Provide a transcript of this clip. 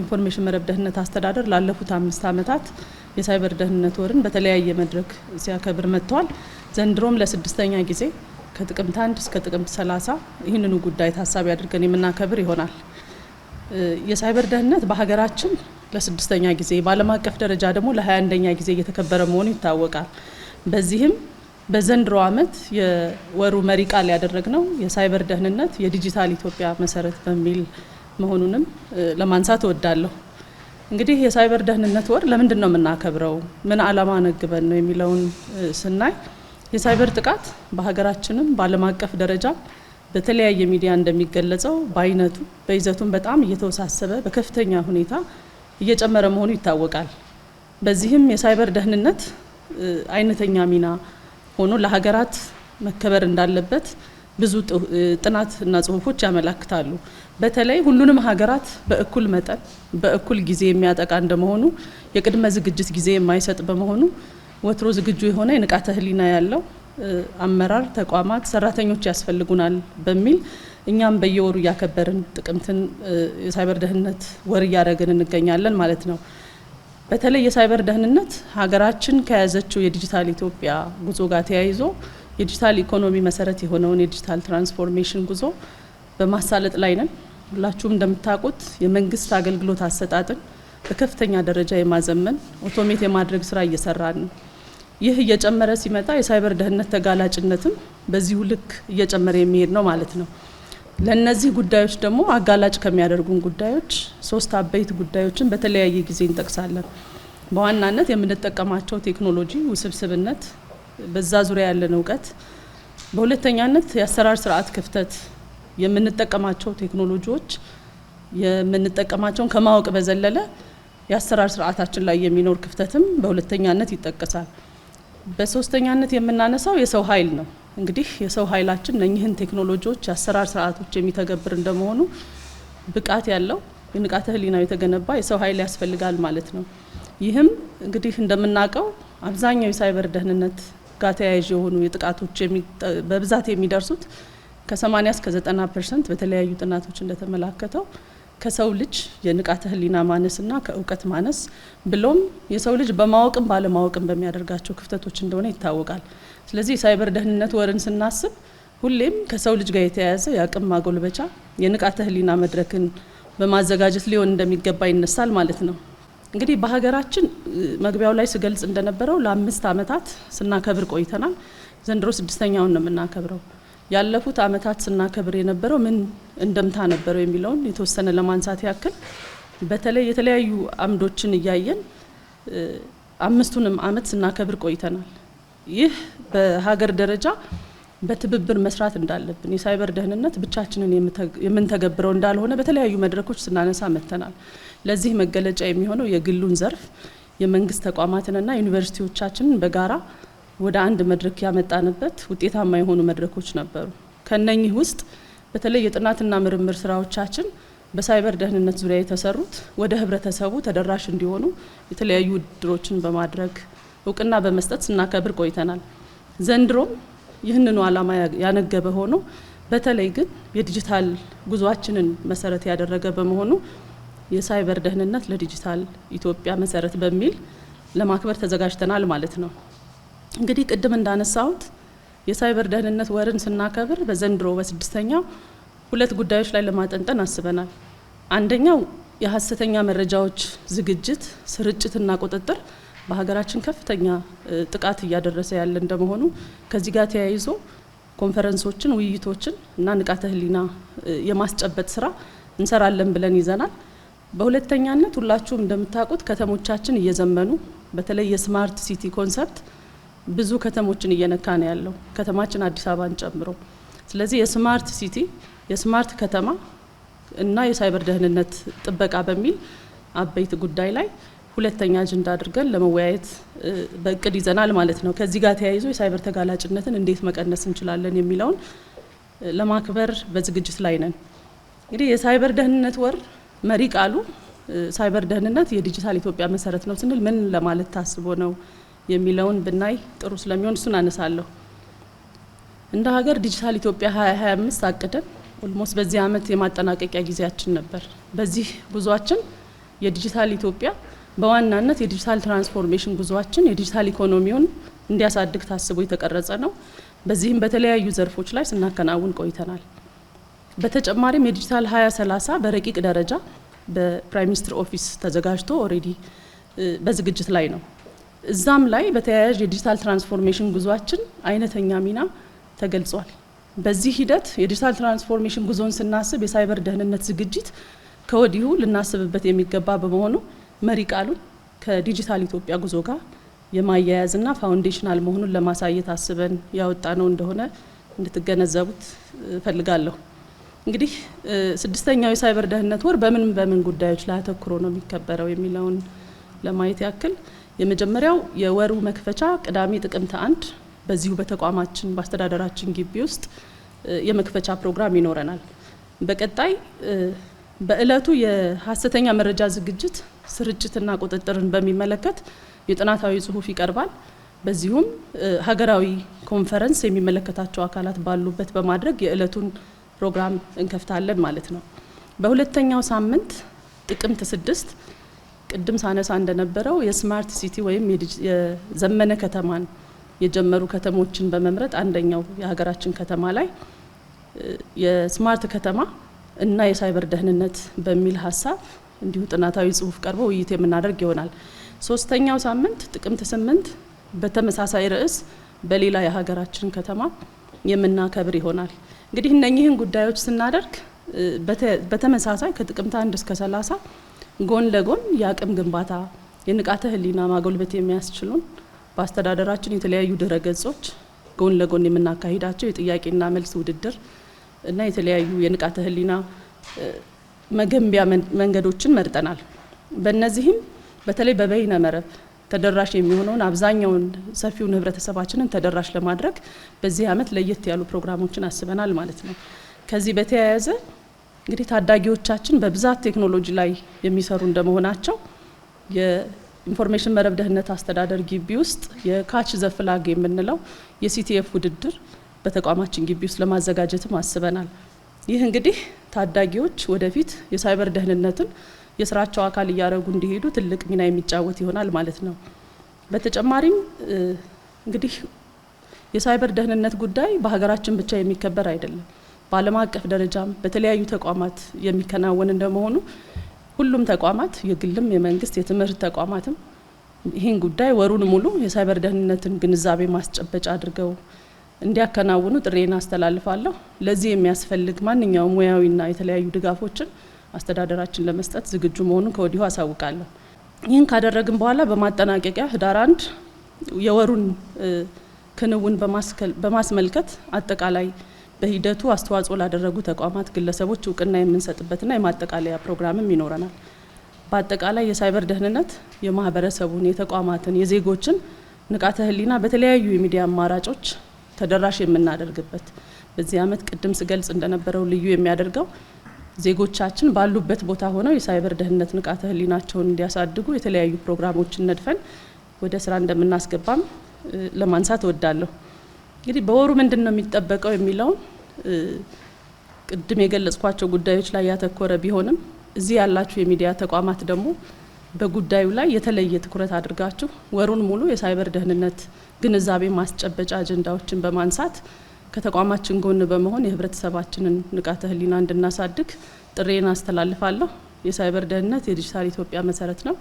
ኢንፎርሜሽን መረብ ደህንነት አስተዳደር ላለፉት አምስት ዓመታት የሳይበር ደህንነት ወርን በተለያየ መድረክ ሲያከብር መጥቷል። ዘንድሮም ለስድስተኛ ጊዜ ከጥቅምት አንድ እስከ ጥቅምት ሰላሳ ይህንኑ ጉዳይ ታሳቢ አድርገን የምናከብር ይሆናል። የሳይበር ደህንነት በሀገራችን ለስድስተኛ ጊዜ በዓለም አቀፍ ደረጃ ደግሞ ለ አንደኛ ጊዜ እየተከበረ መሆኑ ይታወቃል። በዚህም በዘንድሮ ዓመት የወሩ መሪ ቃል ያደረግነው የሳይበር ደህንነት የዲጂታል ኢትዮጵያ መሰረት በሚል መሆኑንም ለማንሳት እወዳለሁ። እንግዲህ የሳይበር ደህንነት ወር ለምንድን ነው የምናከብረው? ምን ዓላማ ነግበን ነው የሚለውን ስናይ የሳይበር ጥቃት በሀገራችንም በዓለም አቀፍ ደረጃ በተለያየ ሚዲያ እንደሚገለጸው በአይነቱ በይዘቱም በጣም እየተወሳሰበ በከፍተኛ ሁኔታ እየጨመረ መሆኑ ይታወቃል። በዚህም የሳይበር ደህንነት አይነተኛ ሚና ሆኖ ለሀገራት መከበር እንዳለበት ብዙ ጥናት እና ጽሁፎች ያመላክታሉ። በተለይ ሁሉንም ሀገራት በእኩል መጠን በእኩል ጊዜ የሚያጠቃ እንደመሆኑ የቅድመ ዝግጅት ጊዜ የማይሰጥ በመሆኑ ወትሮ ዝግጁ የሆነ የንቃተ ህሊና ያለው አመራር ተቋማት፣ ሰራተኞች ያስፈልጉናል በሚል እኛም በየወሩ እያከበርን ጥቅምትን የሳይበር ደህንነት ወር እያደረግን እንገኛለን ማለት ነው። በተለይ የሳይበር ደህንነት ሀገራችን ከያዘችው የዲጂታል ኢትዮጵያ ጉዞ ጋር ተያይዞ የዲጂታል ኢኮኖሚ መሰረት የሆነውን የዲጂታል ትራንስፎርሜሽን ጉዞ በማሳለጥ ላይ ነን። ሁላችሁም እንደምታውቁት የመንግስት አገልግሎት አሰጣጥን በከፍተኛ ደረጃ የማዘመን ኦቶሜት የማድረግ ስራ እየሰራን ነው። ይህ እየጨመረ ሲመጣ የሳይበር ደህንነት ተጋላጭነትም በዚሁ ልክ እየጨመረ የሚሄድ ነው ማለት ነው። ለእነዚህ ጉዳዮች ደግሞ አጋላጭ ከሚያደርጉን ጉዳዮች ሶስት አበይት ጉዳዮችን በተለያየ ጊዜ እንጠቅሳለን። በዋናነት የምንጠቀማቸው ቴክኖሎጂ ውስብስብነት በዛ ዙሪያ ያለን እውቀት፣ በሁለተኛነት የአሰራር ስርዓት ክፍተት፣ የምንጠቀማቸው ቴክኖሎጂዎች የምንጠቀማቸውን ከማወቅ በዘለለ የአሰራር ስርዓታችን ላይ የሚኖር ክፍተትም በሁለተኛነት ይጠቀሳል። በሶስተኛነት የምናነሳው የሰው ኃይል ነው። እንግዲህ የሰው ኃይላችን እነኚህን ቴክኖሎጂዎች፣ የአሰራር ስርዓቶች የሚተገብር እንደመሆኑ ብቃት ያለው የንቃተ ህሊናው የተገነባ የሰው ኃይል ያስፈልጋል ማለት ነው። ይህም እንግዲህ እንደምናውቀው አብዛኛው የሳይበር ደህንነት ጋር ተያያዥ የሆኑ የጥቃቶች በብዛት የሚደርሱት ከ80 እስከ 90 ፐርሰንት በተለያዩ ጥናቶች እንደተመላከተው ከሰው ልጅ የንቃተ ህሊና ማነስና ከእውቀት ማነስ ብሎም የሰው ልጅ በማወቅም ባለማወቅም በሚያደርጋቸው ክፍተቶች እንደሆነ ይታወቃል። ስለዚህ የሳይበር ደህንነት ወርን ስናስብ ሁሌም ከሰው ልጅ ጋር የተያያዘ የአቅም ማጎልበቻ የንቃተ ህሊና መድረክን በማዘጋጀት ሊሆን እንደሚገባ ይነሳል ማለት ነው። እንግዲህ በሀገራችን መግቢያው ላይ ስገልጽ እንደነበረው ለአምስት ዓመታት ስናከብር ቆይተናል። ዘንድሮ ስድስተኛውን ነው የምናከብረው። ያለፉት ዓመታት ስናከብር የነበረው ምን እንደምታ ነበረው የሚለውን የተወሰነ ለማንሳት ያክል በተለይ የተለያዩ አምዶችን እያየን አምስቱንም ዓመት ስናከብር ቆይተናል። ይህ በሀገር ደረጃ በትብብር መስራት እንዳለብን የሳይበር ደህንነት ብቻችንን የምንተገብረው እንዳልሆነ በተለያዩ መድረኮች ስናነሳ መጥተናል። ለዚህ መገለጫ የሚሆነው የግሉን ዘርፍ የመንግስት ተቋማትንና ዩኒቨርሲቲዎቻችንን በጋራ ወደ አንድ መድረክ ያመጣንበት ውጤታማ የሆኑ መድረኮች ነበሩ። ከነኚህ ውስጥ በተለይ የጥናትና ምርምር ስራዎቻችን በሳይበር ደህንነት ዙሪያ የተሰሩት ወደ ህብረተሰቡ ተደራሽ እንዲሆኑ የተለያዩ ውድድሮችን በማድረግ እውቅና በመስጠት ስናከብር ቆይተናል። ዘንድሮም ይህንኑ ዓላማ ያነገበ ሆኖ በተለይ ግን የዲጂታል ጉዟችንን መሰረት ያደረገ በመሆኑ የሳይበር ደህንነት ለዲጂታል ኢትዮጵያ መሰረት በሚል ለማክበር ተዘጋጅተናል ማለት ነው። እንግዲህ ቅድም እንዳነሳሁት የሳይበር ደህንነት ወርን ስናከብር በዘንድሮ በስድስተኛው ሁለት ጉዳዮች ላይ ለማጠንጠን አስበናል። አንደኛው የሀሰተኛ መረጃዎች ዝግጅት ስርጭትና ቁጥጥር በሀገራችን ከፍተኛ ጥቃት እያደረሰ ያለ እንደመሆኑ ከዚህ ጋር ተያይዞ ኮንፈረንሶችን፣ ውይይቶችን እና ንቃተ ህሊና የማስጨበጥ ስራ እንሰራለን ብለን ይዘናል። በሁለተኛነት ሁላችሁም እንደምታውቁት ከተሞቻችን እየዘመኑ በተለይ የስማርት ሲቲ ኮንሰፕት ብዙ ከተሞችን እየነካ ነው ያለው ከተማችን አዲስ አበባን ጨምሮ። ስለዚህ የስማርት ሲቲ የስማርት ከተማ እና የሳይበር ደህንነት ጥበቃ በሚል አበይት ጉዳይ ላይ ሁለተኛ አጀንዳ አድርገን ለመወያየት በእቅድ ይዘናል ማለት ነው። ከዚህ ጋር ተያይዞ የሳይበር ተጋላጭነትን እንዴት መቀነስ እንችላለን የሚለውን ለማክበር በዝግጅት ላይ ነን። እንግዲህ የሳይበር ደህንነት ወር መሪ ቃሉ ሳይበር ደህንነት የዲጂታል ኢትዮጵያ መሰረት ነው ስንል ምን ለማለት ታስቦ ነው የሚለውን ብናይ ጥሩ ስለሚሆን እሱን አነሳለሁ። እንደ ሀገር ዲጂታል ኢትዮጵያ 2025 አቅደን ኦልሞስት በዚህ ዓመት የማጠናቀቂያ ጊዜያችን ነበር። በዚህ ጉዟችን የዲጂታል ኢትዮጵያ በዋናነት የዲጂታል ትራንስፎርሜሽን ጉዟችን የዲጂታል ኢኮኖሚውን እንዲያሳድግ ታስቦ የተቀረጸ ነው። በዚህም በተለያዩ ዘርፎች ላይ ስናከናውን ቆይተናል። በተጨማሪም የዲጂታል 2030 በረቂቅ ደረጃ በፕራይም ሚኒስትር ኦፊስ ተዘጋጅቶ ኦልሬዲ በዝግጅት ላይ ነው። እዛም ላይ በተያያዥ የዲጂታል ትራንስፎርሜሽን ጉዞችን አይነተኛ ሚና ተገልጿል። በዚህ ሂደት የዲጂታል ትራንስፎርሜሽን ጉዞን ስናስብ የሳይበር ደህንነት ዝግጅት ከወዲሁ ልናስብበት የሚገባ በመሆኑ መሪ ቃሉን ከዲጂታል ኢትዮጵያ ጉዞ ጋር የማያያዝና ፋውንዴሽናል መሆኑን ለማሳየት አስበን ያወጣ ነው እንደሆነ እንድትገነዘቡት እፈልጋለሁ። እንግዲህ ስድስተኛው የሳይበር ደህንነት ወር በምን በምን ጉዳዮች ላይ አተኩሮ ነው የሚከበረው የሚለውን ለማየት ያክል የመጀመሪያው የወሩ መክፈቻ ቅዳሜ ጥቅምት አንድ በዚሁ በተቋማችን በአስተዳደራችን ግቢ ውስጥ የመክፈቻ ፕሮግራም ይኖረናል። በቀጣይ በእለቱ የሀሰተኛ መረጃ ዝግጅት ስርጭትና ቁጥጥርን በሚመለከት የጥናታዊ ጽሁፍ ይቀርባል። በዚሁም ሀገራዊ ኮንፈረንስ የሚመለከታቸው አካላት ባሉበት በማድረግ የእለቱን ፕሮግራም እንከፍታለን ማለት ነው። በሁለተኛው ሳምንት ጥቅምት ስድስት ቅድም ሳነሳ እንደነበረው የስማርት ሲቲ ወይም የዘመነ ከተማን የጀመሩ ከተሞችን በመምረጥ አንደኛው የሀገራችን ከተማ ላይ የስማርት ከተማ እና የሳይበር ደህንነት በሚል ሀሳብ እንዲሁ ጥናታዊ ጽሁፍ ቀርቦ ውይይት የምናደርግ ይሆናል። ሶስተኛው ሳምንት ጥቅምት ስምንት በተመሳሳይ ርዕስ በሌላ የሀገራችን ከተማ የምናከብር ይሆናል። እንግዲህ እነኚህን ጉዳዮች ስናደርግ በተመሳሳይ ከጥቅምት አንድ እስከ ሰላሳ ጎን ለጎን የአቅም ግንባታ የንቃተ ህሊና ማጎልበት የሚያስችሉን በአስተዳደራችን የተለያዩ ድረ ገጾች ጎን ለጎን የምናካሂዳቸው የጥያቄና መልስ ውድድር እና የተለያዩ የንቃተ ህሊና መገንቢያ መንገዶችን መርጠናል። በእነዚህም በተለይ በበይነ መረብ ተደራሽ የሚሆነውን አብዛኛውን ሰፊውን ህብረተሰባችንን ተደራሽ ለማድረግ በዚህ ዓመት ለየት ያሉ ፕሮግራሞችን አስበናል ማለት ነው። ከዚህ በተያያዘ እንግዲህ ታዳጊዎቻችን በብዛት ቴክኖሎጂ ላይ የሚሰሩ እንደመሆናቸው የኢንፎርሜሽን መረብ ደህንነት አስተዳደር ግቢ ውስጥ የካች ዘፍላግ የምንለው የሲቲኤፍ ውድድር በተቋማችን ግቢ ውስጥ ለማዘጋጀትም አስበናል። ይህ እንግዲህ ታዳጊዎች ወደፊት የሳይበር ደህንነትን የስራቸው አካል እያደረጉ እንዲሄዱ ትልቅ ሚና የሚጫወት ይሆናል ማለት ነው። በተጨማሪም እንግዲህ የሳይበር ደህንነት ጉዳይ በሀገራችን ብቻ የሚከበር አይደለም። በዓለም አቀፍ ደረጃም በተለያዩ ተቋማት የሚከናወን እንደመሆኑ ሁሉም ተቋማት የግልም፣ የመንግስት፣ የትምህርት ተቋማትም ይህን ጉዳይ ወሩን ሙሉ የሳይበር ደህንነትን ግንዛቤ ማስጨበጫ አድርገው እንዲያከናውኑ ጥሬን አስተላልፋለሁ። ለዚህ የሚያስፈልግ ማንኛውም ሙያዊና የተለያዩ ድጋፎችን አስተዳደራችን ለመስጠት ዝግጁ መሆኑን ከወዲሁ አሳውቃለሁ። ይህን ካደረግን በኋላ በማጠናቀቂያ ህዳር አንድ የወሩን ክንውን በማስመልከት አጠቃላይ በሂደቱ አስተዋጽኦ ላደረጉ ተቋማት፣ ግለሰቦች እውቅና የምንሰጥበትና የማጠቃለያ ፕሮግራምም ይኖረናል። በአጠቃላይ የሳይበር ደህንነት የማህበረሰቡን፣ የተቋማትን፣ የዜጎችን ንቃተ ህሊና በተለያዩ የሚዲያ አማራጮች ተደራሽ የምናደርግበት በዚህ ዓመት ቅድም ስገልጽ እንደነበረው ልዩ የሚያደርገው ዜጎቻችን ባሉበት ቦታ ሆነው የሳይበር ደህንነት ንቃተ ህሊናቸውን እንዲያሳድጉ የተለያዩ ፕሮግራሞችን ነድፈን ወደ ስራ እንደምናስገባም ለማንሳት እወዳለሁ። እንግዲህ በወሩ ምንድን ነው የሚጠበቀው የሚለውን ቅድም የገለጽኳቸው ጉዳዮች ላይ ያተኮረ ቢሆንም እዚህ ያላችሁ የሚዲያ ተቋማት ደግሞ በጉዳዩ ላይ የተለየ ትኩረት አድርጋችሁ ወሩን ሙሉ የሳይበር ደህንነት ግንዛቤ ማስጨበጫ አጀንዳዎችን በማንሳት ከተቋማችን ጎን በመሆን የህብረተሰባችንን ንቃተ ህሊና እንድናሳድግ ጥሬን አስተላልፋለሁ። የሳይበር ደህንነት የዲጂታል ኢትዮጵያ መሰረት ነው።